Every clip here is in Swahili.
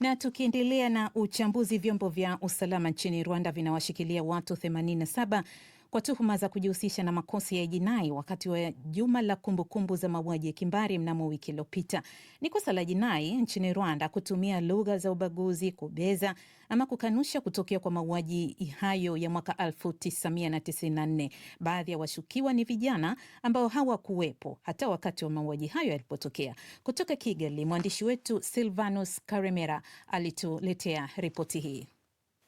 Na tukiendelea na uchambuzi, vyombo vya usalama nchini Rwanda vinawashikilia watu 87 kwa tuhuma za kujihusisha na makosa ya jinai wakati wa juma la kumbukumbu za mauaji ya kimbari mnamo wiki iliyopita. Ni kosa la jinai nchini Rwanda kutumia lugha za ubaguzi, kubeza ama kukanusha kutokea kwa mauaji hayo ya mwaka 1994. Baadhi ya washukiwa ni vijana ambao hawakuwepo hata wakati wa mauaji hayo yalipotokea. Kutoka Kigali, mwandishi wetu Silvanus Karemera alituletea ripoti hii.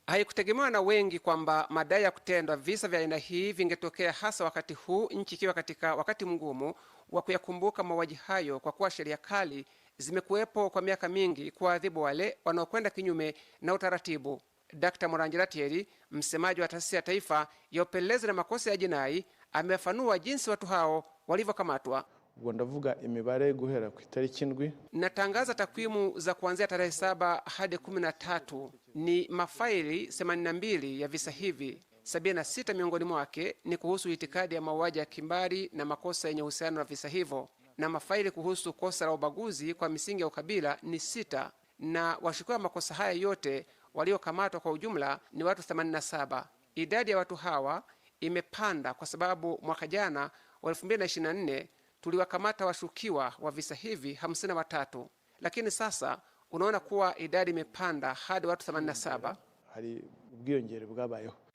Haikutegemewa na wengi kwamba madai ya kutendwa visa vya aina hii vingetokea hasa wakati huu nchi ikiwa katika wakati mgumu wa kuyakumbuka mauaji hayo, kwa kuwa sheria kali zimekuwepo kwa miaka mingi kuwaadhibu wale wanaokwenda kinyume na utaratibu. Dkt Morangira Tieri, msemaji wa taasisi ya taifa ya upelelezi na makosa ya jinai, amefafanua jinsi watu hao walivyokamatwa ubwo ndavuga imibare guhera ku itariki ndwi. Natangaza takwimu za kuanzia tarehe saba hadi kumi na tatu ni mafaili 82 ya visa hivi. 76 miongoni mwake ni kuhusu itikadi ya mauaji ya kimbari na makosa yenye uhusiano na visa hivyo, na mafaili kuhusu kosa la ubaguzi kwa misingi ya ukabila ni sita, na washukiwa makosa haya yote waliokamatwa kwa ujumla ni watu 87. Idadi ya watu hawa imepanda kwa sababu mwaka jana wa 2024 tuliwakamata washukiwa wa visa hivi 53 lakini sasa unaona kuwa idadi imepanda hadi watu 87.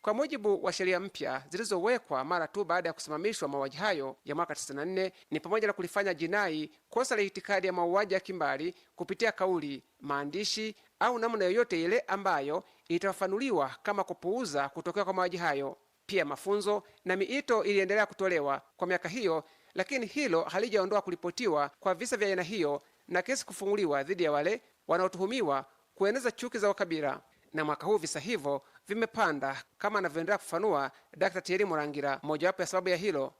Kwa mujibu wa sheria mpya zilizowekwa mara tu baada ya kusimamishwa mauaji hayo ya mwaka 94, ni pamoja na kulifanya jinai kosa la itikadi ya mauaji ya kimbali kupitia kauli, maandishi au namna yoyote ile ambayo itafafanuliwa kama kupuuza kutokea kwa mauaji hayo. Pia mafunzo na miito iliendelea kutolewa kwa miaka hiyo lakini hilo halijaondoa kuripotiwa kwa visa vya aina hiyo na kesi kufunguliwa dhidi ya wale wanaotuhumiwa kueneza chuki za ukabila. Na mwaka huu visa hivyo vimepanda, kama anavyoendelea kufanua Dr. Thierry Murangira. Mojawapo ya sababu ya hilo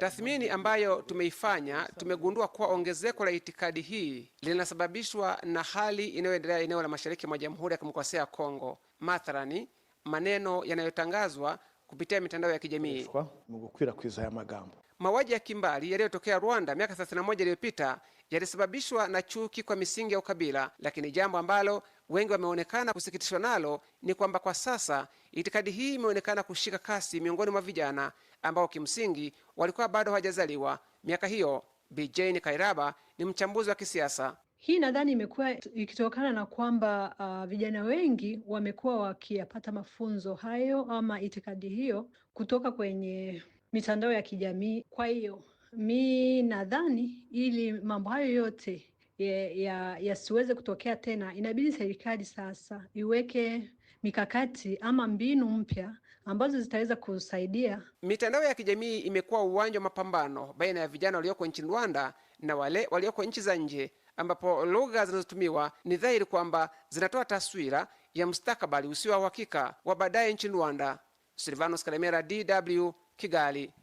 tathmini ambayo tumeifanya tumegundua kuwa ongezeko la itikadi hii linasababishwa na hali inayoendelea eneo la mashariki mwa Jamhuri ya Kidemokrasia ya Kongo, mathalani maneno yanayotangazwa kupitia mitandao ya kijamii mu gukwirakwiza magambo. Mauaji ya kimbali yaliyotokea Rwanda miaka 31 iliyopita yalisababishwa na chuki kwa misingi ya ukabila, lakini jambo ambalo wengi wameonekana kusikitishwa nalo ni kwamba kwa sasa itikadi hii imeonekana kushika kasi miongoni mwa vijana ambao kimsingi walikuwa bado hawajazaliwa miaka hiyo. Bijeni Kairaba ni mchambuzi wa kisiasa. Hii nadhani imekuwa ikitokana na kwamba uh, vijana wengi wamekuwa wakiyapata mafunzo hayo ama itikadi hiyo kutoka kwenye mitandao ya kijamii. Kwa hiyo mi nadhani ili mambo hayo yote yasiweze ya, kutokea tena, inabidi serikali sasa iweke mikakati ama mbinu mpya ambazo zitaweza kusaidia. Mitandao ya kijamii imekuwa uwanja wa mapambano baina ya vijana walioko nchini Rwanda na wale walioko nchi za nje, ambapo lugha zinazotumiwa ni dhahiri kwamba zinatoa taswira ya mustakabali usio wa uhakika wa baadaye nchini Rwanda. Silvanos Karemera, DW, Kigali.